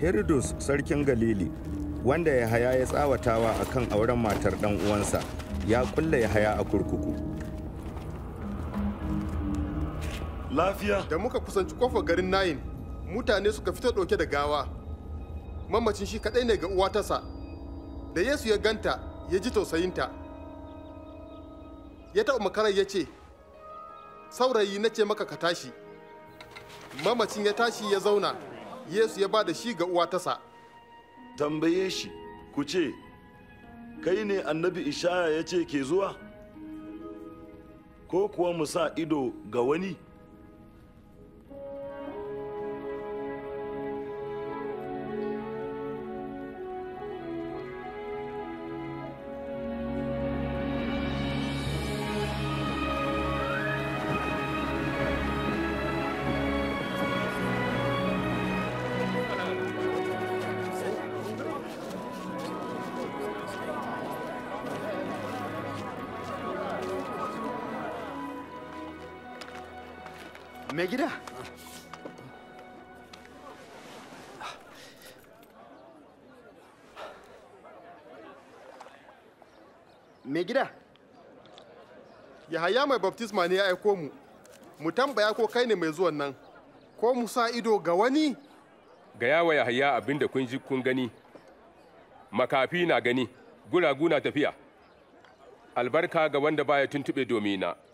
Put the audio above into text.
herodus sarkin galili wanda ya haya ya tsawatawa a kan auren matar ɗan uwansa ya kulle ya haya a kurkuku lafiya da muka kusanci kofar garin nayin mutane suka fito ɗauke da gawa mamacin shi kaɗai ne ga uwa tasa. da yesu ya ganta ya ji tausayinta ya taɓa makarar ya ce saurayi na ce maka ka tashi mamacin ya tashi ya zauna Yesu ya ba da shi ga uwa tasa. Tambaye shi, ku ce, kai ne annabi Ishaya ya ce ke zuwa? Ko kuwa mu sa ido ga wani? Mai gida. Yahaya mai baptisma ne ya aiko mu. Mu tambaya ko kai ne mai zuwan nan. Ko mu sa ido ga wani? Ga yawa Yahaya abinda kun ji kun gani. Makafi na gani, guragu na tafiya. Albarka ga wanda baya tuntube domina.